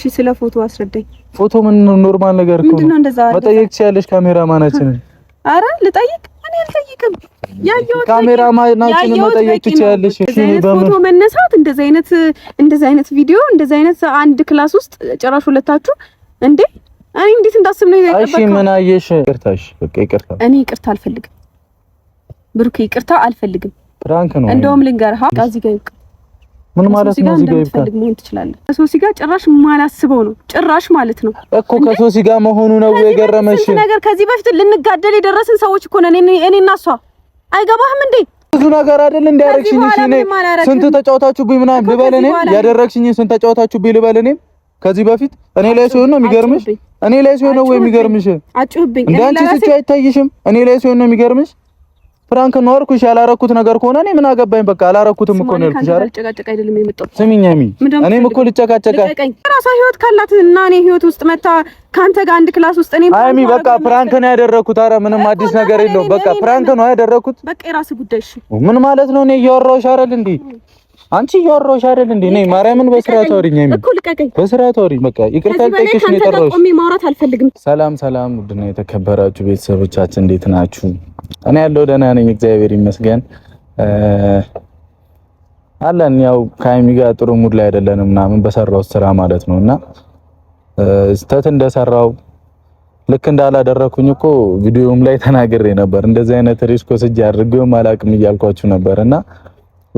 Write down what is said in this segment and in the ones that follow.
እሺ ስለ ፎቶ አስረዳኝ። ፎቶ ምን ኖርማል ነገር እኮ ነው። መጠየቅ ትችያለሽ ካሜራማናችንን። አረ ልጠይቅ? እኔ አልጠይቅም። ያየሁት ካሜራማናችንን መጠየቅ ትችያለሽ። ፎቶ መነሳት፣ እንደዚህ አይነት እንደዚህ አይነት ቪዲዮ፣ እንደዚህ አይነት አንድ ክላስ ውስጥ ጭራሽ ሁለታችሁ እንዴ! እኔ እንዴት እንዳስብ ነው ይጠበቀው። እሺ ምን አየሽ? ይቅርታሽ፣ በቃ ይቅርታ። እኔ ይቅርታ አልፈልግም ብሩኬ፣ ይቅርታ አልፈልግም። ፕራንክ ነው። እንደውም ልንገርህ፣ እዚህ ጋር ይቅር ምን ማለት ነው? እዚህ ጋር ይፈልግ መሆን ትችላለህ። ከሶሲ ጋር ጭራሽ ማላስበው ነው ጭራሽ ማለት ነው እኮ ከሶሲ ጋር መሆኑ ነው የገረመሽ ነገር። ከዚህ በፊት ልንጋደል የደረስን ሰዎች እኮ ነን እኔ እኔና እሷ። አይገባህም እንዴ? ብዙ ነገር አይደል እንዲያረግሽኝ እኔ ስንት ተጫውታችሁብኝ ምናምን ልበል እኔ ያደረግሽኝ ስንት ተጫውታችሁብኝ ልበል እኔ ከዚህ በፊት እኔ ላይ ሲሆን ነው የሚገርምሽ። እኔ ላይ ሲሆን ነው ወይ የሚገርምሽ? እንዳንቺ ስጪ አይታይሽም። እኔ ላይ ሲሆን ነው የሚገርምሽ ፍራንክ ነው አልኩሽ። ያላረኩት ነገር ከሆነ እኔ ምን አገባኝ? በቃ አላረኩትም እኮ ነው አልኩሽ። አረ ጨቃጨቃ አይደለም የመጣሁት። ስሚኝ እኔም እኮ ልጨቃጨቃ ራሷ ህይወት ካላት እና እኔ ህይወት ውስጥ መታ ከአንተ ጋር አንድ ክላስ ውስጥ እኔ አይሚ፣ በቃ ፍራንክ ነው ያደረኩት። አረ ምንም አዲስ ነገር የለውም። በቃ ፍራንክ ነው ያደረኩት። በቃ የራስህ ጉዳይ። እሺ ምን ማለት ነው? እኔ እያወራሁሽ አይደል እንዴ አንቺ እያወራሁሽ አይደል እንዴ? ነይ ማርያምን፣ በስርዓት አውሪኝ። አይሚ እኮ ልቀቀኝ፣ በስርዓት አውሪኝ። በቃ ይቅርታ ልጠይቅሽ ነው የጠራሁሽ። ቆሜ ማውራት አልፈልግም። ሰላም ሰላም፣ ውድና የተከበራችሁ ቤተሰቦቻችን እንዴት ናችሁ? እኔ ያለው ደህና ነኝ፣ እግዚአብሔር ይመስገን አለን። ያው ከአይሚ ጋር ጥሩ ሙድ ላይ አይደለንም ምናምን በሰራው ስራ ማለት ነውና ስተት እንደሰራው ልክ እንዳላደረኩኝ እኮ ቪዲዮም ላይ ተናግሬ ነበር። እንደዚህ አይነት ሪስክ ወስጄ አድርጌውም አላውቅም እያልኳችሁ ነበርና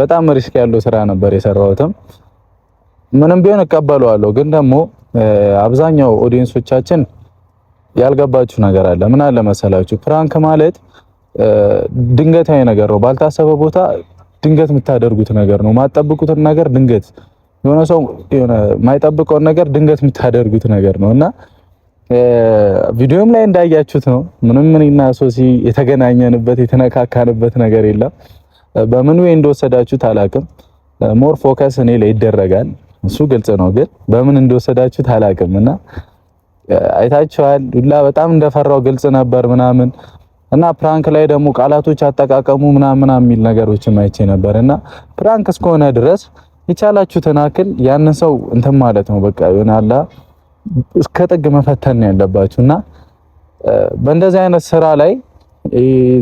በጣም ሪስክ ያለው ስራ ነበር የሰራሁትም። ምንም ቢሆን እቀበለዋለሁ፣ ግን ደግሞ አብዛኛው ኦዲየንሶቻችን ያልገባችሁ ነገር አለ። ምን አለ መሰላችሁ ፕራንክ ማለት ድንገታዊ ነገር ነው። ባልታሰበ ቦታ ድንገት የምታደርጉት ነገር ነው። ማጠብቁትን ነገር ድንገት የሆነ ሰው የሆነ የማይጠብቀውን ነገር ድንገት የምታደርጉት ነገር ነው እና ቪዲዮም ላይ እንዳያችሁት ነው። ምንም እና ሶሲ የተገናኘንበት የተነካካንበት ነገር የለም። በምን ወይ እንደወሰዳችሁት አላቅም። ሞር ፎከስ እኔ ላይ ይደረጋል፣ እሱ ግልጽ ነው። ግን በምን እንደወሰዳችሁት አላቅም እና አይታችኋል፣ ዱላ በጣም እንደፈራው ግልጽ ነበር ምናምን እና ፕራንክ ላይ ደግሞ ቃላቶች አጠቃቀሙ ምናምን ምናምን የሚል አይቼ ነበር እና ፕራንክ እስከሆነ ድረስ የቻላችሁትን አክል ያንን ሰው እንትን ማለት ነው በቃ ይሆናላ እስከ ጥግ መፈተን ነው ያለባችሁ እና በእንደዚህ አይነት ስራ ላይ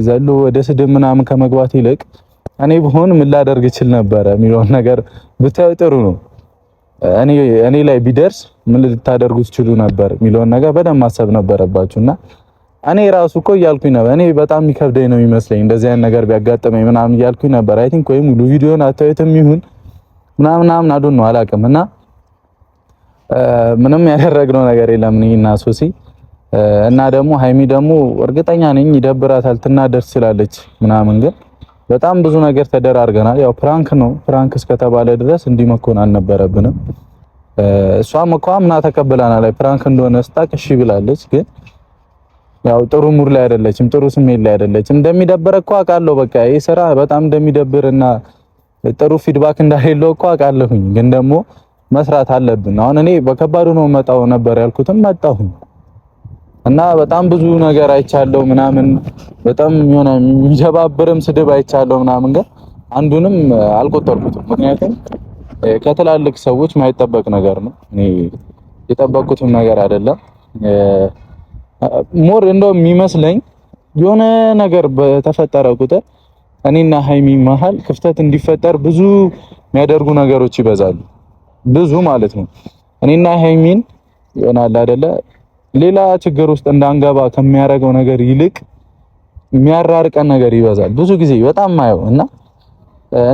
ዘሎ ወደ ስድብ ምናምን ከመግባት ይልቅ እኔ ብሆን ምን ላደርግ እችል ነበረ የሚለውን ነገር ብታዩ ጥሩ ነው። እኔ ላይ ቢደርስ ምን ልታደርጉ ትችሉ ነበር የሚለውን ነገር በደንብ ማሰብ ነበረባችሁና እኔ ራሱ እኮ እያልኩኝ ነበር። እኔ በጣም የሚከብደኝ ነው የሚመስለኝ እንደዚህ አይነት ነገር ቢያጋጥመኝ ምናምን እያልኩኝ ነበር። አይ ቲንክ ወይ ሙሉ ቪዲዮን አታዩትም ይሁን ምናምን ምናምን አዱን ነው አላውቅም። እና ምንም ያደረግነው ነገር የለም እኔ እና ሶሲ እና ደግሞ ሀይሚ ደግሞ እርግጠኛ ነኝ ይደብራታል፣ ትናደር ትችላለች ምናምን ግን በጣም ብዙ ነገር ተደራርገናል። ያው ፕራንክ ነው። ፕራንክ እስከተባለ ድረስ እንዲመኮን አልነበረብንም። እሷም እኮ አምና ላይ ፕራንክ እንደሆነ ስታቅ እሺ ብላለች። ግን ያው ጥሩ ሙር ላይ አይደለችም፣ ጥሩ ስሜት ላይ አይደለችም። እንደሚደብር እኮ አውቃለሁ። በቃ ይሄ ስራ በጣም እንደሚደብርና ጥሩ ፊድባክ እንዳሌለው እኮ አውቃለሁኝ። ግን ደግሞ መስራት አለብን። አሁን እኔ በከባዱ ነው መጣው ነበር ያልኩትም መጣሁኝ እና በጣም ብዙ ነገር አይቻለው ምናምን በጣም የሆነ የሚደባብርም ስድብ አይቻለው ምናምን ጋር አንዱንም አልቆጠርኩትም። ምክንያቱም ከትላልቅ ሰዎች ማይጠበቅ ነገር ነው። እኔ የጠበቅኩትም ነገር አይደለም። ሞር እንደው የሚመስለኝ የሆነ ነገር በተፈጠረ ቁጥር እኔና ሀይሚ መሀል ክፍተት እንዲፈጠር ብዙ የሚያደርጉ ነገሮች ይበዛሉ። ብዙ ማለት ነው እኔና ሀይሚን ይሆናል አይደለ ሌላ ችግር ውስጥ እንዳንገባ ከሚያደርገው ነገር ይልቅ የሚያራርቀን ነገር ይበዛል። ብዙ ጊዜ በጣም ማየው እና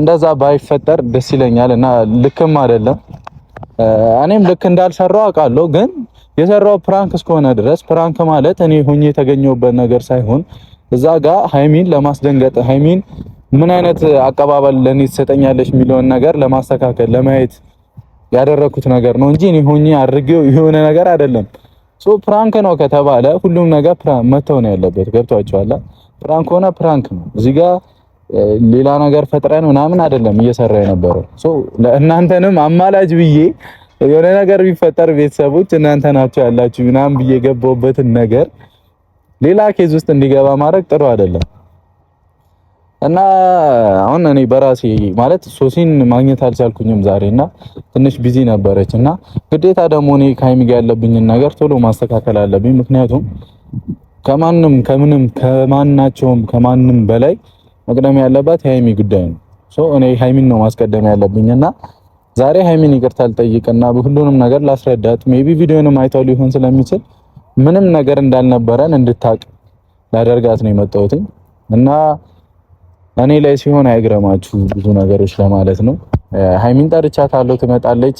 እንደዛ ባይፈጠር ደስ ይለኛል። እና ልክም አይደለም። እኔም ልክ እንዳልሰራው አውቃለሁ፣ ግን የሰራው ፕራንክ እስከሆነ ድረስ ፕራንክ ማለት እኔ ሆኜ የተገኘሁበት ነገር ሳይሆን እዛ ጋ ሃይሚን ለማስደንገጥ ሃይሚን ምን አይነት አቀባበል ለኔ ትሰጠኛለች የሚለውን ነገር ለማስተካከል ለማየት ያደረኩት ነገር ነው እንጂ እኔ ሆኜ አድርጌው የሆነ ነገር አይደለም። ሶ ፕራንክ ነው ከተባለ ሁሉም ነገር ፕራንክ መተው ነው ያለበት። ገብቷቸዋል። ፕራንክ ሆነ ፕራንክ ነው። እዚህ ጋር ሌላ ነገር ፈጥረን ምናምን አይደለም እየሰራ የነበረው። ሶ ለእናንተንም አማላጅ ብዬ የሆነ ነገር ቢፈጠር ቤተሰቦች እናንተ ናችሁ ያላችሁ ምናምን ብዬ የገባሁበትን ነገር ሌላ ኬዝ ውስጥ እንዲገባ ማድረግ ጥሩ አይደለም። እና አሁን እኔ በራሴ ማለት ሶሲን ማግኘት አልቻልኩኝም ዛሬ እና ትንሽ ቢዚ ነበረች እና ግዴታ ደግሞ እኔ ከሀይሚ ጋር ያለብኝን ነገር ቶሎ ማስተካከል አለብኝ። ምክንያቱም ከማንም ከምንም ከማናቸውም ከማንም በላይ መቅደም ያለባት የሀይሚ ጉዳይ ነው። ሶ እኔ ሀይሚን ነው ማስቀደም ያለብኝ እና ዛሬ ሀይሚን ይቅርታ ልጠይቅና ሁሉንም ነገር ላስረዳት። ሜቢ ቪዲዮንም አይተው ሊሆን ስለሚችል ምንም ነገር እንዳልነበረን እንድታቅ ላደርጋት ነው የመጣሁት እና እኔ ላይ ሲሆን አይግረማችሁ ብዙ ነገሮች ለማለት ነው። ሀይሚን ጠርቻታለሁ፣ ትመጣለች።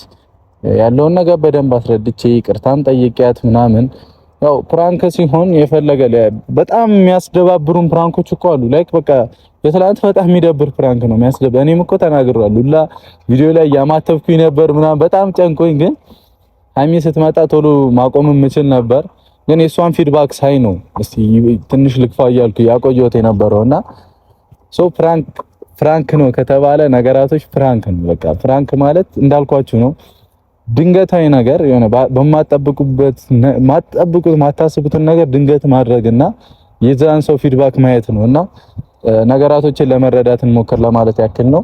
ያለውን ነገር በደንብ አስረድቼ ይቅርታም ጠይቂያት ምናምን ያው ፕራንክ ሲሆን የፈለገ በጣም የሚያስደባብሩን ፕራንኮች እኮ አሉ። ላይክ በቃ የትላንት በጣም የሚደብር ፕራንክ ነው የሚያስደብ እኔም እኮ ተናግሬዋለሁ ሁላ ቪዲዮ ላይ ያማተብኩኝ ነበር ምናምን በጣም ጨንቆኝ፣ ግን ሀይሚ ስትመጣ ቶሎ ማቆም የምችል ነበር። ግን የእሷን ፊድባክ ሳይ ነው እስቲ ትንሽ ልክፋ እያልኩ ያቆየሁት የነበረውና ሶ ፍራንክ ፍራንክ ነው ከተባለ ነገራቶች ፍራንክ ነው። በቃ ፍራንክ ማለት እንዳልኳችሁ ነው። ድንገታዊ ነገር የሆነ በማጠብቁበት ማጠብቁት ማታስቡትን ነገር ድንገት ማድረግና የዛን ሰው ፊድባክ ማየት ነው እና ነገራቶችን ለመረዳት እንሞክር ለማለት ያክል ነው።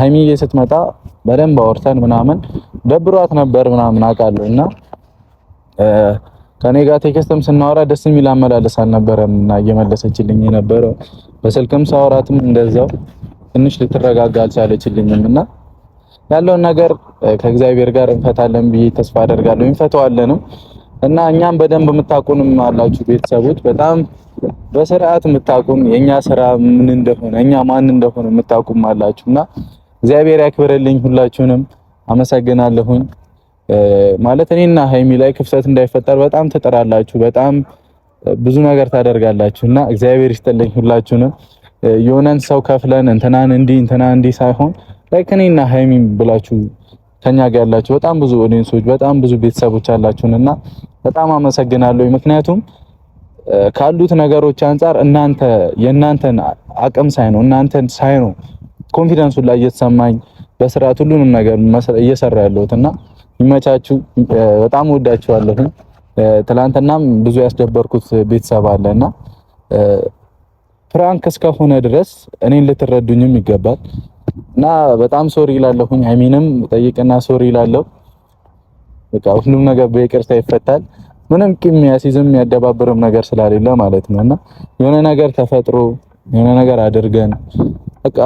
ሀይሚዬ ስትመጣ በደንብ አውርተን ምናምን ደብሯት ነበር ምናምን አውቃለሁ እና ከኔ ጋር ቴክስትም ስናወራ ደስ የሚል አመላለስ አልነበረም እና እየመለሰችልኝ የነበረው በስልክም ሳወራትም እንደዛው ትንሽ ልትረጋጋ አልቻለችልኝም እና ያለውን ነገር ከእግዚአብሔር ጋር እንፈታለን ብዬ ተስፋ አደርጋለሁ። እንፈታዋለንም እና እኛም በደንብ የምታውቁንም አላችሁ ቤተሰቦች፣ በጣም በስርዓት የምታውቁን የኛ ስራ ምን እንደሆነ እኛ ማን እንደሆነ የምታውቁም አላችሁ እና እግዚአብሔር ያክብረልኝ። ሁላችሁንም አመሰግናለሁኝ። ማለት እኔና ሀይሚ ላይ ክፍተት እንዳይፈጠር በጣም ትጥራላችሁ፣ በጣም ብዙ ነገር ታደርጋላችሁ እና እግዚአብሔር ይስጥልኝ ሁላችሁንም። የሆነን ሰው ከፍለን እንትናን እንዲህ እንትና እንዲህ ሳይሆን ላይክ እኔና ሀይሚ ብላችሁ ከኛ ጋር ያላችሁ በጣም ብዙ ኦዲየንሶች፣ በጣም ብዙ ቤተሰቦች አላችሁንና በጣም አመሰግናለሁ። ምክንያቱም ካሉት ነገሮች አንጻር እናንተ የእናንተን አቅም ሳይ ነው እናንተን ሳይ ነው ኮንፊደንሱን ላይ እየተሰማኝ በስርዓት ሁሉንም ነገር እየሰራ ያለሁት እና ይመቻችሁ። በጣም ወዳችኋለሁ። ትላንትናም ብዙ ያስደበርኩት ቤተሰብ አለ እና ፕራንክ እስከሆነ ድረስ እኔን ልትረዱኝም ይገባል እና በጣም ሶሪ ይላለሁኝ። ሀይሚንም ጠይቅና ሶሪ ይላለሁ። በቃ ሁሉም ነገር በይቅርታ ይፈታል። ምንም ቂም ያሲዝም የሚያደባብርም ነገር ስላሌለ ማለት ነው እና የሆነ ነገር ተፈጥሮ የሆነ ነገር አድርገን በቃ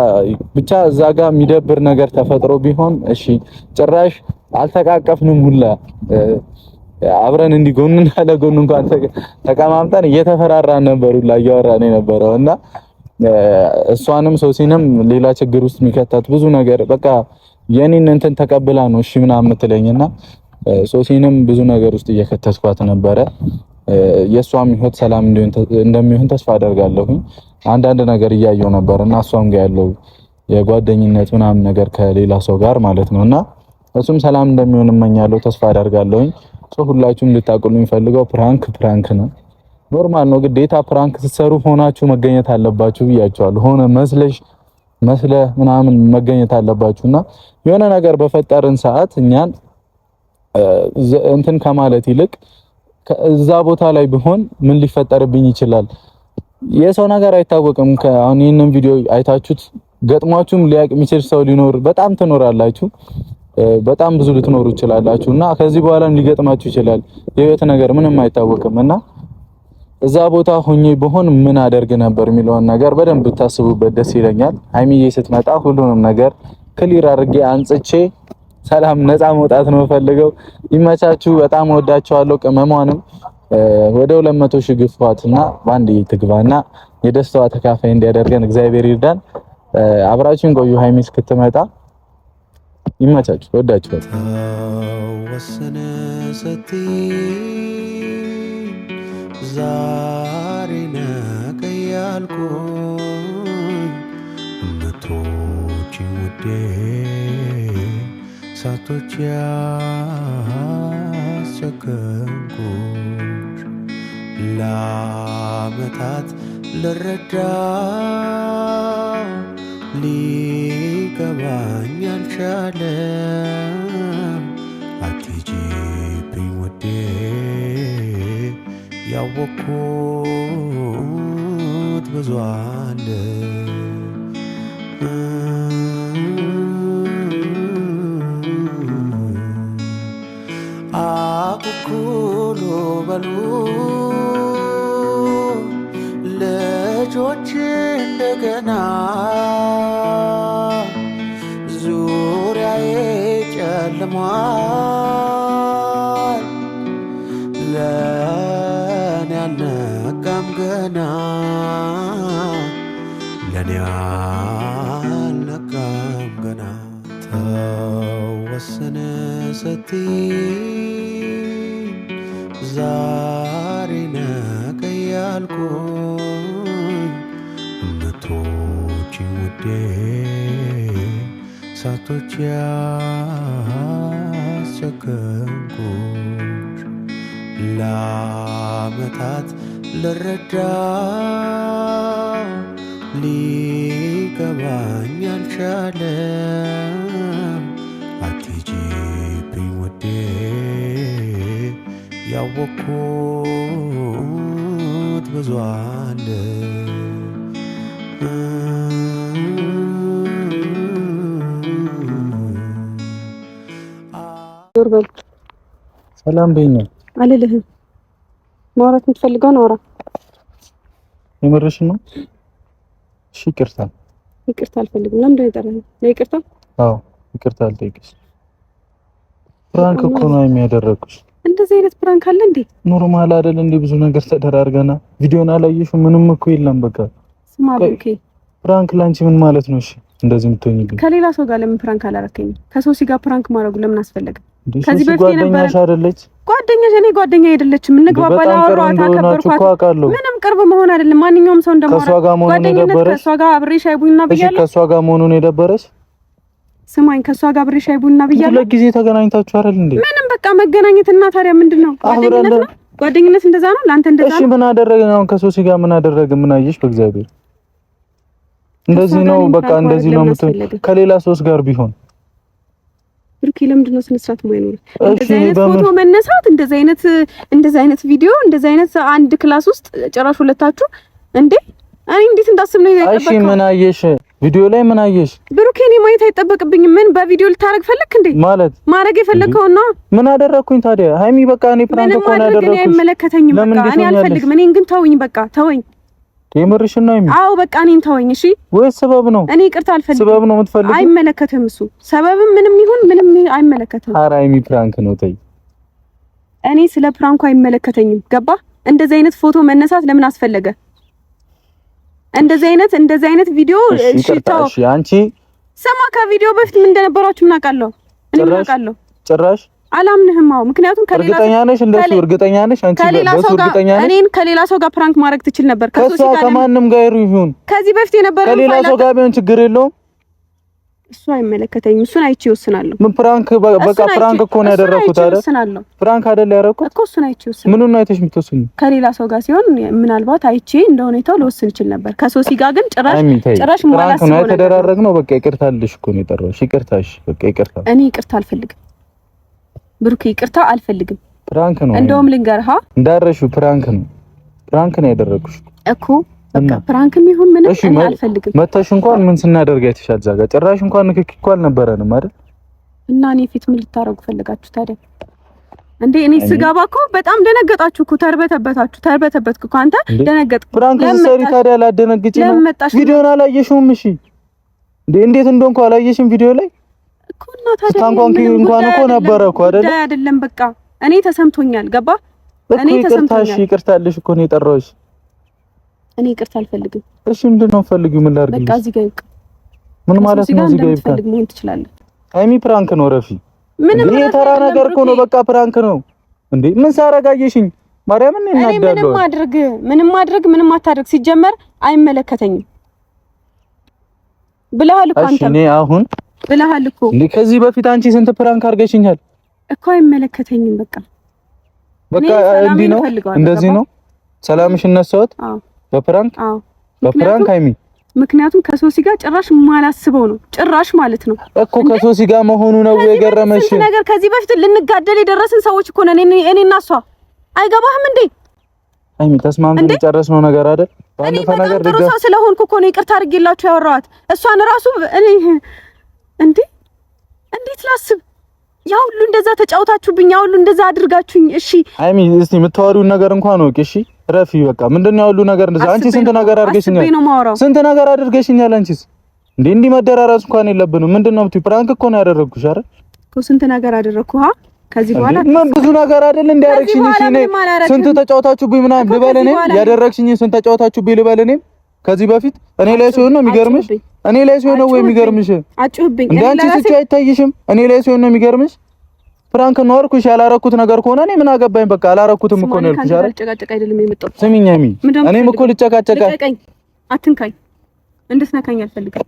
ብቻ እዛ ጋር የሚደብር ነገር ተፈጥሮ ቢሆን እሺ ጭራሽ አልተቃቀፍንም ሁላ አብረን እንዲህ ጎንና ለጎን እንኳን ተቀማምጠን እየተፈራራን ነበር ሁላ እያወራን የነበረው እና እሷንም ሶሲንም ሌላ ችግር ውስጥ የሚከታት ብዙ ነገር በቃ የኔን እንትን ተቀብላ ነው እሺ ምናምን የምትለኝና ሶሲንም ብዙ ነገር ውስጥ እየከተትኳት ነበረ። የእሷም ህይወት ሰላም እንደሚሆን ተስፋ አንድ አንዳንድ ነገር እያየው ነበር እና እሷም ጋር ያለው የጓደኝነት ምናምን ነገር ከሌላ ሰው ጋር ማለት ነው እና እሱም ሰላም እንደሚሆን እመኛለሁ፣ ተስፋ አደርጋለሁኝ። ሁላችሁም ልታውቁልኝ የሚፈልገው ፕራንክ ፕራንክ ነው፣ ኖርማል ነው። ግዴታ ፕራንክ ስትሰሩ ሆናችሁ መገኘት አለባችሁ ብያችኋለሁ። ሆነ መስለሽ መስለ ምናምን መገኘት አለባችሁና የሆነ ነገር በፈጠርን ሰዓት እኛን እንትን ከማለት ይልቅ እዛ ቦታ ላይ ቢሆን ምን ሊፈጠርብኝ ይችላል? የሰው ነገር አይታወቅም። አሁን ይህንን ቪዲዮ አይታችሁት ገጥሟችሁም ሊያውቅ የሚችል ሰው ሊኖር በጣም ትኖራላችሁ። በጣም ብዙ ልትኖሩ ይችላላችሁ እና ከዚህ በኋላም ሊገጥማችሁ ይችላል። የህይወት ነገር ምንም አይታወቅም እና እዛ ቦታ ሆኜ በሆን ምን አደርግ ነበር የሚለውን ነገር በደንብ ብታስቡበት ደስ ይለኛል። ሀይሚዬ ስትመጣ ሁሉንም ነገር ክሊር አድርጌ አንጽቼ ሰላም ነፃ መውጣት ነው ፈልገው። ይመቻችሁ። በጣም ወዳችኋለሁ። ቅመሟንም ወደ 200 ሺህ ግፏትና በአንድ ትግባና የደስታዋ ተካፋይ እንዲያደርገን እግዚአብሔር ይርዳን። አብራችን ቆዩ ሀይሚ እስክትመጣ ይመቻችሁ። ወዳችኋል። ወሰነ ሰቲ ዛሬ ነገ ያልኩኝ እመቶች ውዴ ሳቶች ያስቸከንኩሽ ለዓመታት ልረዳ ሊገባኝ ተሻለ አትጂብኝ ውዴ ያወኩት ብዙ አለ አኩኩሉ በሉ ልጆች እንደገና ያሰከንኩሽ ለአመታት ልረዳ ሊገባኝ አልቻለም። አትሂጂብኝ ውዴ ያወቅኩት ብዙ አለ በሉ። ሰላም በይኝ አልልህም። ማውራት የምትፈልገውን አውራ። የመረሽን ነው? እሺ ይቅርታ። ይቅርታ አልፈልግም። ለምን ነው ለይቅርታ? አዎ ይቅርታ አልጠይቅሽ። ፕራንክ እኮ ነው የሚያደረግኩሽ። እንደዚህ አይነት ፕራንክ አለ እንዴ? ኖርማል አይደል እንዴ? ብዙ ነገር ተደራርገና ቪዲዮን አላየሽው? ምንም እኮ የለም። በቃ ስማ፣ ኦኬ ፕራንክ ላንቺ ምን ማለት ነው? እሺ እንደዚህ የምትሆኝብኝ ከሌላ ሰው ጋር ለምን ፕራንክ አላረከኝ? ከሶሲ ጋር ፕራንክ ማድረጉ ለምን አስፈለገ? ከዚህ በፊት የነበረ አይደለች ጓደኛሽ። እኔ ጓደኛ አይደለችም። እንግባባለን፣ አወራኋት፣ አከበርኳት። ምንም ቅርብ መሆን አይደለም። ማንኛውም ሰው እንደማውራ ጓደኝነት ከእሷ ጋር አብሬ ሻይ ቡና ብያለሁ። እሺ፣ ከእሷ ጋር መሆኑን የደበረሽ ስማኝ፣ ከእሷ ጋር አብሬ ሻይ ቡና ብያለሁ። ሁለት ጊዜ ተገናኝታችሁ አይደል እንዴ? ምንም በቃ መገናኘት እና ታዲያ ምንድን ነው ጓደኝነት ነው። ጓደኝነት እንደዛ ነው። ለአንተ እንደዛ ነው። እሺ፣ ምን አደረገ አሁን? ከሶሲ ጋር ምን አደረገ? ምን አየሽ? በእግዚአብሔር እንደዚህ ነው። በቃ እንደዚህ ነው። ከሌላ ሶስት ጋር ቢሆን ብሩኬ ለምንድን ነው ስነ ስርዓት የማይኖር? እንደዚህ አይነት ፎቶ መነሳት፣ እንደዚህ አይነት እንደዚህ አይነት ቪዲዮ፣ እንደዚህ አይነት አንድ ክላስ ውስጥ ጭራሽ ሁለታችሁ እንዴ! እኔ እንዴት እንዳስብ ነው ያጠበቀው? እሺ ምን አየሽ? ቪዲዮ ላይ ምን አየሽ? ብሩኬ እኔ ማየት አይጠበቅብኝም። ምን በቪዲዮ ልታረግ ፈለክ እንዴ? ማለት ማረግ የፈለከው ነው። ምን አደረኩኝ ታዲያ? ሃይሚ በቃ እኔ ፕራንክ እኮ ነው ያደረኩኝ። ለምን አይመለከተኝም። በቃ እኔ አልፈልግም። እኔን ግን ተውኝ፣ በቃ ተውኝ። የምርሽን ነው? አዎ በቃ እኔን ተወኝ እሺ። ወይስ ሰበብ ነው? እኔ ይቅርታ አልፈልግም። ሰበብ ነው የምትፈልገው? አይመለከትም እሱ ሰበብም ምንም ይሁን ምንም አይመለከትም። ኧረ ሀይሚ ፕራንክ ነው ተይ። እኔ ስለ ፕራንኩ አይመለከተኝም። ገባ? እንደዚህ አይነት ፎቶ መነሳት ለምን አስፈለገ? እንደዚህ አይነት እንደዚህ አይነት ቪዲዮ እሺ ተው። አንቺ ስማ፣ ከቪዲዮ በፊት ምን እንደነበራችሁ ምን አውቃለሁ እኔ ምን አውቃለሁ ጭራሽ አላምንህም። ምክንያቱም ከሌላ እርግጠኛ ነሽ፣ እንደሱ እርግጠኛ ነሽ አንቺ? እኔን ከሌላ ሰው ጋር ፕራንክ ማድረግ ትችል ነበር። ከሱ ከማንም ጋር ይሁን ከዚህ በፊት የነበረ ከሌላ ሰው ጋር ቢሆን ችግር የለውም። እሱ አይመለከተኝም። እሱን አይቼ ይወስናለሁ። ምን ፕራንክ? በቃ ፕራንክ እኮ ነው ያደረኩት አይደል? ፕራንክ አይደል ያደረኩት እኮ። እሱን አይቼ ይወስናል። ምኑን አይተሽ የምትወስኚው? ከሌላ ሰው ጋር ሲሆን ምናልባት አይቼ እንደ ሁኔታው ልወስን ይችል ነበር። ከሶሲ ጋር ግን ጭራሽ ጭራሽ ማላስ ነው የተደራረግነው። በቃ ይቅርታልሽ እኮ ነው የጠራሁሽ። ይቅርታሽ፣ በቃ ይቅርታ። እኔ ይቅርታ አልፈልግም ብሩክ ይቅርታ አልፈልግም። ፕራንክ ነው። እንደውም ልንገርህ እንዳረሹ ፕራንክ ነው። ፕራንክ ነው ያደረግኩሽ እኮ በቃ ፕራንክም ይሁን ምንም እኔ አልፈልግም። መተሽ እንኳን ምን ስናደርግ አይተሻል። እዛ ጋር ጭራሽ እንኳን ንክኪ እኮ አልነበረንም አይደል? እና እኔ ፊት ምን ልታረጉ ፈልጋችሁ ታዲያ? እንዴ እኔ ስጋባ እኮ በጣም ደነገጣችሁ እኮ ተርበተበታችሁ። ተርበተበትኩ እኮ አንተ ደነገጥኩ። ፕራንክ ሰሪ ታዲያ ላደነግጭ ነው። ቪዲዮን አላየሽውም? እሺ እንዴ እንዴት እንደሆንኩ አላየሽም ቪዲዮ ላይ ታንኳንኪ እንኳን እኮ ነበረ እኮ አይደል? አይደለም በቃ እኔ ተሰምቶኛል። ገባ? እኔ ተሰምቶኛል። ይቅርታልሽ እኮ ነው የጠራሁሽ። እኔ ይቅርታ አልፈልግም። እሺ ምንድን ነው ፈልጊው? ምን ላድርግልሽ? በቃ እዚህ ጋር ይብቃ። ምን ማለት ነው እዚህ ጋር ይብቃ? ምን ትችላለህ? አይሚ ፕራንክ ነው ረፊ። ምንም ተራ ነገር እኮ ነው። በቃ ፕራንክ ነው እንዴ? ምን ሳረጋየሽኝ? ማርያምን ነው እናዳለው። ምንም ማድረግ ምንም ማድረግ ምንም አታድርግ። ሲጀመር አይመለከተኝም ብለሃል እኮ አንተ። እሺ እኔ አሁን ብለሃል እኮ ከዚህ በፊት አንቺ ስንት ፕራንክ አድርገሽኛል እኮ። አይመለከተኝም። በቃ በቃ እንዲህ ነው እንደዚህ ነው ሰላምሽ እነሳሁት በፕራንክ በፕራንክ አይሚ ምክንያቱም ከሶሲ ጋር ጭራሽ ማላስበው ነው ጭራሽ ማለት ነው እኮ ከሶሲ ጋር መሆኑ ነው የገረመሽ ነገር። ከዚህ በፊት ልንጋደል የደረስን ሰዎች እኮ ነን እኔ እና እሷ። አይገባህም እንዴ? አይሚ ተስማምተን የጨረስነው ነገር አይደል? ባለፈ ነገር ጥሩ ሰው ስለሆንኩ እኮ ነው ይቅርታ አድርጌላችሁ ያወራኋት እሷን ራሱ እኔ እንዴ እንዴት ላስብ? ያ ሁሉ እንደዛ ተጫውታችሁብኝ፣ ያ ሁሉ እንደዛ አድርጋችሁኝ። እሺ አይሚ፣ እስቲ የምታወሪውን ነገር እንኳን ወቂ። እሺ ረፊ፣ በቃ ምንድነው ሁሉ ነገር እንደዛ? አንቺ ስንት ነገር አድርገሽኛል፣ ስንት ነገር አድርገሽኛል። አንቺስ እንዴ እንዲህ መደራረስ እንኳን የለብንም። ምንድነው የምትይው? ፕራንክ እኮ ነው ያደረግኩሽ አረ እኮ። ስንት ነገር አደረግኩ ሀ ከዚህ በኋላ ምን ብዙ ነገር አይደል እንዲያደርግሽኝ። እሺ እኔ ስንት ተጫውታችሁብኝ ምናምን ልበል እኔም ያደረግሽኝ ስንት ተጫውታችሁብኝ ልበል እኔም ከዚህ በፊት እኔ ላይ ሲሆን ነው የሚገርምሽ እኔ ላይ ሲሆን ነው የሚገርምሽ? እንዴ አንቺ ስጭ አይታይሽም? እኔ ላይ ሲሆን ነው የሚገርምሽ? ፍራንክ ነው አልኩሽ። ያላረኩት ነገር ከሆነ እኔ ምን አገባኝ? በቃ አላረኩትም እኮ ነው ያልኩሽ አይደል? ልጨቃጨቅ አይደለም የመጣሁት። ስሚኝ አሚ፣ እኔም እኮ ልጨቃጨቅ። አትንካኝ፣ እንድትነካኝ አልፈልግም።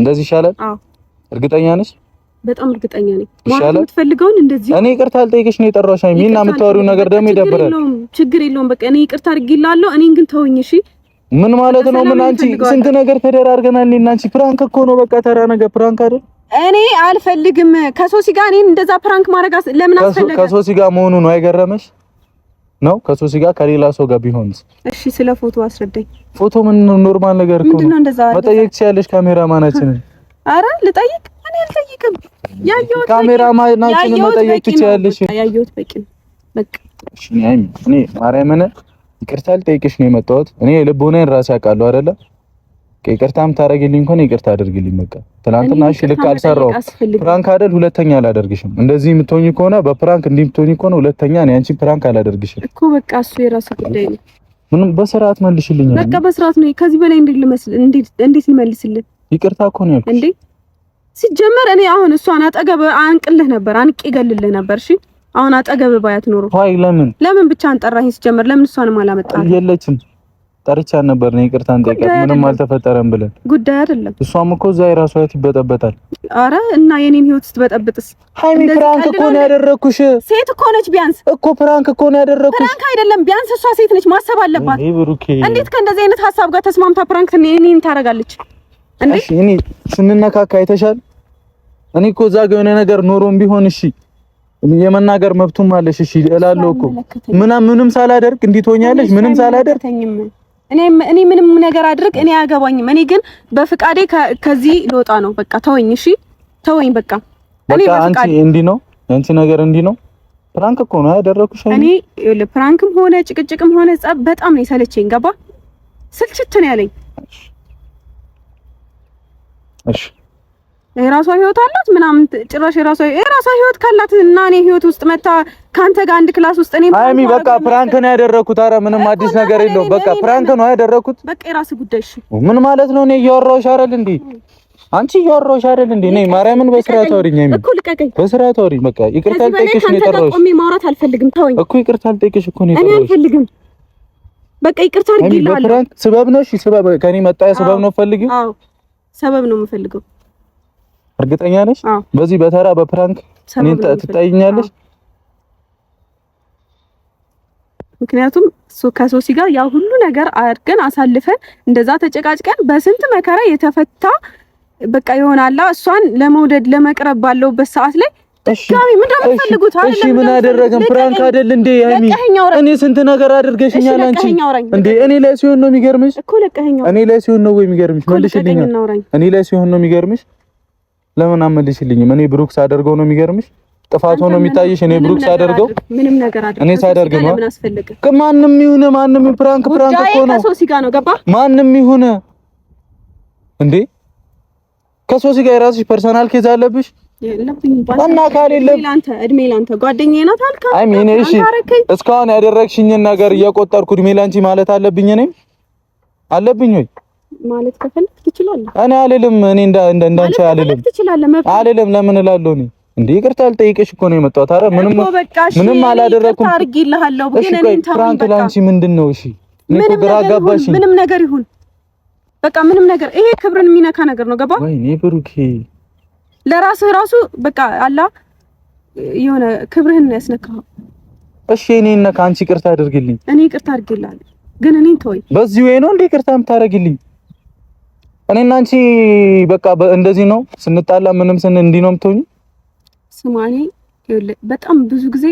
እንደዚህ ይሻላል። እርግጠኛ ነሽ? በጣም እርግጠኛ ነኝ። ማለት የምትፈልገውን እንደዚህ። እኔ ይቅርታ አልጠይቅሽ ነው የጠራሁሽ። አይ፣ ምን የምታወሪው ነገር ደግሞ ይደብራል። ችግር የለውም በቃ እኔ ይቅርታ አድርጌልሃለሁ። እኔን ግን ተወኝ እሺ ምን ማለት ነው? ምን አንቺ ስንት ነገር ተደራርገናል። እኔና አንቺ ፕራንክ እኮ ነው በቃ ተራ ነገር ፕራንክ አይደል? እኔ አልፈልግም ከሶሲ ጋር እኔን እንደዛ ፕራንክ ማድረግ ለምን አስፈልገ? ከሶሲ ጋር መሆኑ ነው አይገረመሽ? ነው ከሶሲ ጋር ከሌላ ሰው ጋር ቢሆንስ? እሺ ስለ ፎቶ አስረዳኝ። ፎቶ ምን ኖርማል ነገር እኮ ነው መጠየቅ ትችያለሽ። ካሜራማናችንን አረ ልጠይቅ? እኔ አልጠይቅም። ያየሁት ካሜራማናችንን መጠየቅ ትችያለሽ። ያየሁት በቂ በቃ እሺ። እኔ ማርያምን ይቅርታ ልጠይቅሽ ነው የመጣሁት። እኔ ልቦናዬን ራሴ አውቃለሁ አይደለ? ይቅርታም ታደርጊልኝ እንኳን ይቅርታ አድርጊልኝ። በቃ ትናንትና እሺ ልክ አልሰራሁም። ፕራንክ አይደል? ሁለተኛ አላደርግሽም። እንደዚህ የምትሆኝ ከሆነ በፕራንክ እንዲህ የምትሆኝ ከሆነ ሁለተኛ እኔ አንቺ ፕራንክ አላደርግሽም እኮ በቃ እሱ የራሱ ጉዳይ ነው። ምንም በስርዓት መልሽልኝ። በቃ በስርዓት ነው። ከዚህ በላይ እንዴት ልመስል እንዴት እንዴት ልመልስልህ? ይቅርታ እኮ ነው ያልኩሽ። እንዴ ሲጀመር እኔ አሁን እሷን አጠገብ አንቅልህ ነበር፣ አንቄ እገልልህ ነበር። እሺ አሁን አጠገብ ባያት ኖሮ ሆይ ለምን ለምን ብቻህን ጠራኸኝ? ሲጀመር ለምን እሷንም አላመጣ የለችም ጠርቻት ነበር ነው ይቅርታ እንጠይቃት ምንም አልተፈጠረም ብለን ጉዳይ አይደለም። እሷም እኮ እዛ የራሷ ህይወት ይበጠበጣል። አረ እና የኔን ህይወት ስትበጠብጥስ? ሃይሚ ፕራንክ እኮ ነው ያደረኩሽ። ሴት እኮ ነች ቢያንስ እኮ ፕራንክ እኮ ነው ያደረኩሽ። ፕራንክ አይደለም ቢያንስ እሷ ሴት ነች ማሰብ አለባት። እንዴት ከእንደዚህ አይነት ሀሳብ ጋር ተስማምታ ፕራንክ እኔን ታደርጋለች እንዴ? እኔ ስንነካካ አይተሻል። እኔ እኮ እዛ ጋር የሆነ ነገር ኖሮም ቢሆን እሺ የመናገር መብቱም አለሽ። እሺ እላለሁ እኮ ምና ምንም ሳላደርግ እንዲህ ትሆኛለሽ። ምንም ሳላደርግ እኔ እኔ ምንም ነገር አድርግ እኔ አያገባኝም። እኔ ግን በፍቃዴ ከዚህ ልወጣ ነው። በቃ ተወኝ፣ እሺ ተወኝ። በቃ እኔ በፍቃዴ እንዲህ ነው አንቺ ነገር እንዲህ ነው። ፕራንክ እኮ ነው ያደረኩሽ። እኔ ፕራንክም ሆነ ጭቅጭቅም ሆነ ጸብ በጣም ነው የሰለቸኝ። ገባ ስልችት ነው ያለኝ። እሺ የራሷ ህይወት አላት ምናምን ጭራሽ የራሷ የራሷ ህይወት ካላት እና እኔ ህይወት ውስጥ መታ ካንተ ጋር አንድ ክላስ ውስጥ እኔ አይሚ በቃ ፕራንክ ነው ያደረኩት። አረ ምንም አዲስ ነገር የለውም። በቃ ፕራንክ ነው ያደረኩት። በቃ የራስህ ጉዳይ። እሺ ምን ማለት ነው? እኔ እያወራሁሽ አይደል እንዴ? አንቺ እያወራሁሽ አይደል እንዴ? እኔ ማርያምን በስርዓት አውሪኝ። አይሚ እኮ ልቀቀኝ፣ በስርዓት አውሪኝ። በቃ ይቅርታ ልጠይቅሽ ነው የጠራሁሽ። ቆሜ ማውራት አልፈልግም። ተወኝ እኮ ይቅርታ ልጠይቅሽ እኮ ነው የጠራሁሽ። እኔ አልፈልግም። በቃ ይቅርታ አድርጊልኝ። ስበብ ነው እሺ፣ ስበብ ከእኔ መጣያ ስበብ ነው ፈልጊው። አዎ ሰበብ ነው የምፈልገው እርግጠኛ ነሽ? በዚህ በተራ በፕራንክ እኔን ትጣይኛለሽ? ምክንያቱም ከሶሲ ጋር ያ ሁሉ ነገር አድርገን አሳልፈን እንደዛ ተጨቃጭቀን በስንት መከራ የተፈታ በቃ ይሆናላ። እሷን ለመውደድ ለመቅረብ ባለውበት ሰዓት ላይ ድጋሚ ምንድን ነው የምትፈልጉት? እሺ ምን አደረገን? ፕራንክ አይደል እንዴ ያሚ እኔ ስንት ነገር አድርገሽኛል አንቺ። እንዴ እኔ ላይ ሲሆን ነው የሚገርምሽ እኮ። ለቀኸኛው። እኔ ላይ ሲሆን ነው ወይ የሚገርምሽ? መልሽልኝ። እኔ ላይ ሲሆን ነው የሚገርምሽ ለምን አመልሽልኝም? እኔ ብሩክ አደርገው ነው የሚገርምሽ ጥፋት ሆኖ የሚታይሽ እኔ ብሩክስ አደርገው ምንም ነገር አድርገው እኔ ሳደርግ ነው። ከማንም ይሁን ማንም ፕራንክ ፕራንክ እኮ ነው። ከሶሲ ጋር ነው ገባ። ማንም ይሁን እንዴ ከሶሲ ጋር የራስሽ ፐርሰናል ኬዝ አለብሽ እና ካል ካሌለም እድሜ ላንተ ጓደኛዬ ናት አልካ። አይ ሚኔ እሺ፣ እስካሁን ያደረግሽኝን ነገር እየቆጠርኩ እድሜ ላንቺ ማለት አለብኝ እኔም አለብኝ ወይ ማለት ከፈለክ ትችላለህ። እኔ አልልም። እኔ እንደ እንደ እንዳንቺ አልልም አልልም። ለምን እላለሁ እኔ እንዴ? ይቅርታ አልጠይቅሽ እኮ ነው የመጣሁት። ኧረ ምንም ምንም አላደረኩም። አርጊልሃለሁ ግን እኔ ፍራንክ ላንቺ ምንድነው? እሺ ምንም ግራ ገባሽ። ምንም ነገር ይሁን በቃ ምንም ነገር ይሄ ክብርን የሚነካ ነገር ነው። ገባ ወይ ኔ ብሩኬ፣ ለራስህ ራሱ በቃ አላ የሆነ ክብርህን ያስነካኸው። እሺ እኔ እና ካንቺ ይቅርታ አድርግልኝ። እኔ ይቅርታ አድርግልሃለሁ ግን እኔ ተወኝ። በዚህ ወይ ነው እንዴ ይቅርታ የምታደርግልኝ? እኔና አንቺ በቃ እንደዚህ ነው ስንጣላ፣ ምንም ስን እንዲህ ነው የምትሆኝ። ስማ እኔ በጣም ብዙ ጊዜ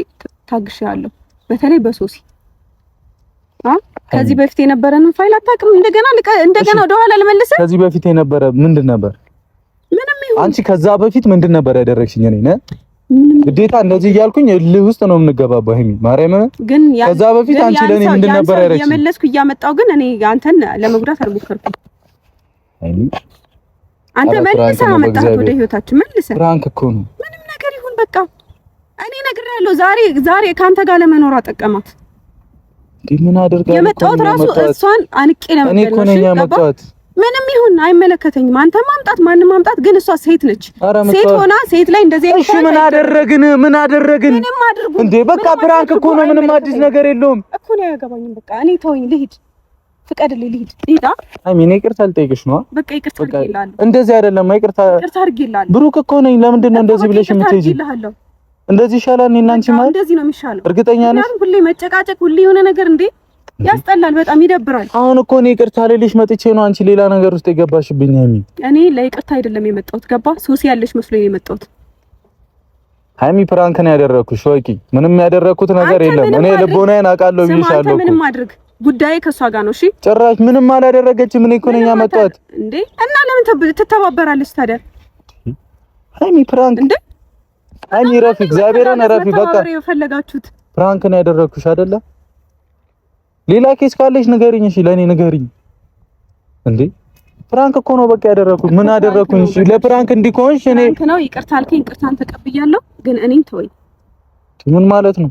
ታግሻለሁ፣ በተለይ በሶሲ ከዚህ በፊት የነበረንን ፋይል አታውቅም። እንደገና እንደገና ወደኋላ ልመልስህ። ከዚህ በፊት የነበረ ምንድን ነበር? ምንም ይሁን አንቺ ከዛ በፊት ምንድን ነበር ያደረግሽኝ? እኔ ነ ግዴታ እንደዚህ እያልኩኝ እልህ ውስጥ ነው የምንገባባው። ይሄ ማርያም ግን ከዛ በፊት አንቺ ለኔ ምንድን ነበር ያደረግሽኝ? የመለስኩ እያመጣሁ ግን እኔ አንተን ለመጉዳት አልሞከርኩም። አንተ መልሰህ አመጣህ ወደ ህይወታችን መልሰህ። ፍራንክ እኮ ነው። ምንም ነገር ይሁን በቃ እኔ እነግርሃለሁ። ዛሬ ዛሬ ካንተ ጋር ለመኖር አጠቀማት። ምን አደርጋለሁ? የመጣሁት ራሱ እሷን አንቄ ነው። እኔ እኮ ነኝ ያመጣሁት። ምንም ይሁን አይመለከተኝም። አንተ ማምጣት ማንም ማምጣት፣ ግን እሷ ሴት ነች። ሴት ሆና ሴት ላይ እንደዚህ እሺ፣ ምን አደረግን? ምን አደረግን ምንም አድርጉ እንዴ? በቃ ፍራንክ እኮ ነው። ምንም አዲስ ነገር የለውም እኮ ነው። አያገባኝም። በቃ እኔ ተወኝ ልሂድ። ፍቀድልኝ ልሂድ። ሂዳ አይ ምን ይቅርታ ልጠይቅሽ ነው? በቃ ይቅርታ አድርጌልሃለሁ። እንደዚህ አይደለም። ይቅርታ ይቅርታ አድርጌልሃለሁ። ብሩክ እኮ ነኝ። ለምንድን ነው እንደዚህ ብለሽ የምትሄጂው? እንደዚህ ይሻላል። እኔና አንቺ ማለት እንደዚህ ነው የሚሻለው። እርግጠኛ ነኝ። ሁሌ መጨቃጨቅ፣ ሁሌ የሆነ ነገር እንዴ ያስጠላል። በጣም ይደብራል። አሁን እኮ እኔ ይቅርታ ልልሽ መጥቼ ነው አንቺ ሌላ ነገር ውስጥ የገባሽብኝ። ሀይሚ እኔ ለይቅርታ አይደለም የመጣሁት። ገባ ሶስ ያለሽ መስሎኝ የመጣሁት። ሀይሚ ፕራንክ ነው ያደረኩሽ። ወቂ ምንም ያደረኩት ነገር የለም። እኔ ልቦናዬን አውቃለሁ ብዬሻለሁ። ምንም አድርግ ጉዳይ ከእሷ ጋር ነው። እሺ ጭራሽ ምንም አላደረገችም። እኔ እኮ ነኝ ያመጣሁት እንዴ። እና ለምን ትተባበራለች ታዲያ? ሃይሚ ፕራንክ እንዴ? ሃይሚ ረፊ፣ እግዚአብሔርን ረፊ። በቃ የፈለጋችሁት ፕራንክ ነው ያደረግኩሽ አይደለ? ሌላ ኬስ ካለሽ ንገሪኝ። እሺ ለእኔ ንገሪኝ። እንዴ ፕራንክ እኮ ነው በቃ ያደረኩት። ምን አደረኩኝ? እሺ ለፕራንክ እንዲኮንሽ እኔ ፕራንክ ነው ይቅርታ አልከኝ፣ ይቅርታን ተቀብያለሁ። ግን እኔን ተወኝ። ምን ማለት ነው?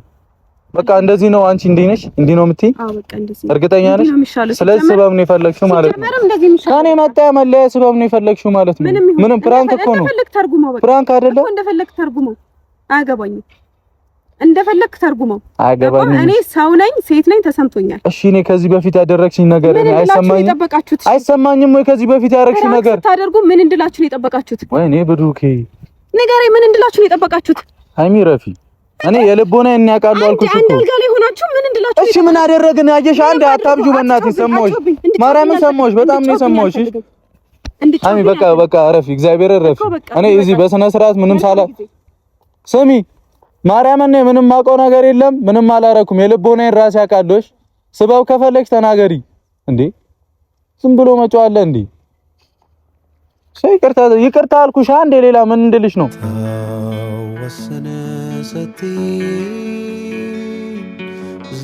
በቃ እንደዚህ ነው። አንቺ እንዲህ ነሽ፣ እንዲህ ነው የምትይኝ። እርግጠኛ ነሽ? ስለዚህ ስበብ ነው የፈለግሽው ማለት ነው። ከእኔ መጣ መለያ ስበብ ነው የፈለግሽው ማለት ነው። ምንም ፕራንክ እኮ ነው። ፕራንክ አይደለም። እንደፈለግ ተርጉመው፣ አያገባኝም። እንደፈለግ ተርጉመው፣ አያገባኝም። እኔ ሰው ነኝ፣ ሴት ነኝ፣ ተሰምቶኛል። እሺ፣ እኔ ከዚህ በፊት ያደረግሽኝ ነገር አይሰማኝም። አይሰማኝም ወይ ከዚህ በፊት ያደረግሽኝ ነገር ታደርጉ ምን እንድላችሁ ነው የጠበቃችሁት? ወይኔ ብዱኬ ንገረኝ፣ ምን እንድላችሁ ነው የጠበቃችሁት? ሀይሚ ረፊ እኔ የልቦና እና ያውቃሉ አልኩሽ እኮ እሺ፣ ምን አደረግን? አየሽ፣ አንድ አታብጁ፣ በእናትሽ ሰማሁሽ፣ ማርያምን ሰማሁሽ፣ በጣም ነው ሰማሁሽ። አሚ በቃ በቃ፣ እረፊ፣ እግዚአብሔር እረፊ። እኔ እዚህ በስነ ስርዓት ምንም ሳላ ስሚ፣ ማርያምን ነው ምንም ማውቀው ነገር የለም፣ ምንም አላረኩም። የልቦናዬን ራሴ ያውቃለሽ። ስበብ ከፈለግሽ ተናገሪ እንዴ። ዝም ብሎ መጫው አለ እንዴ? ይቅርታ ይቅርታ አልኩሽ አንዴ። ሌላ ምን እንድልሽ ነው? ስትይኝ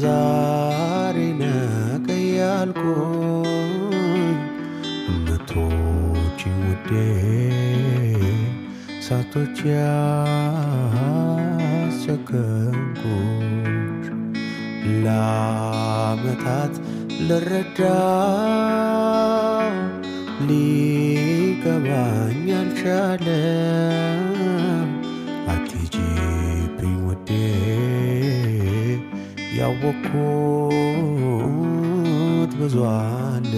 ዛሬ ነገ ያልኩኝ ምቶች ውዴ ሳቶች ያስቸከንኩሽ ለዓመታት ልረዳው ሊገባኝ አልቻለም ያወቅኩት ብዙ አለ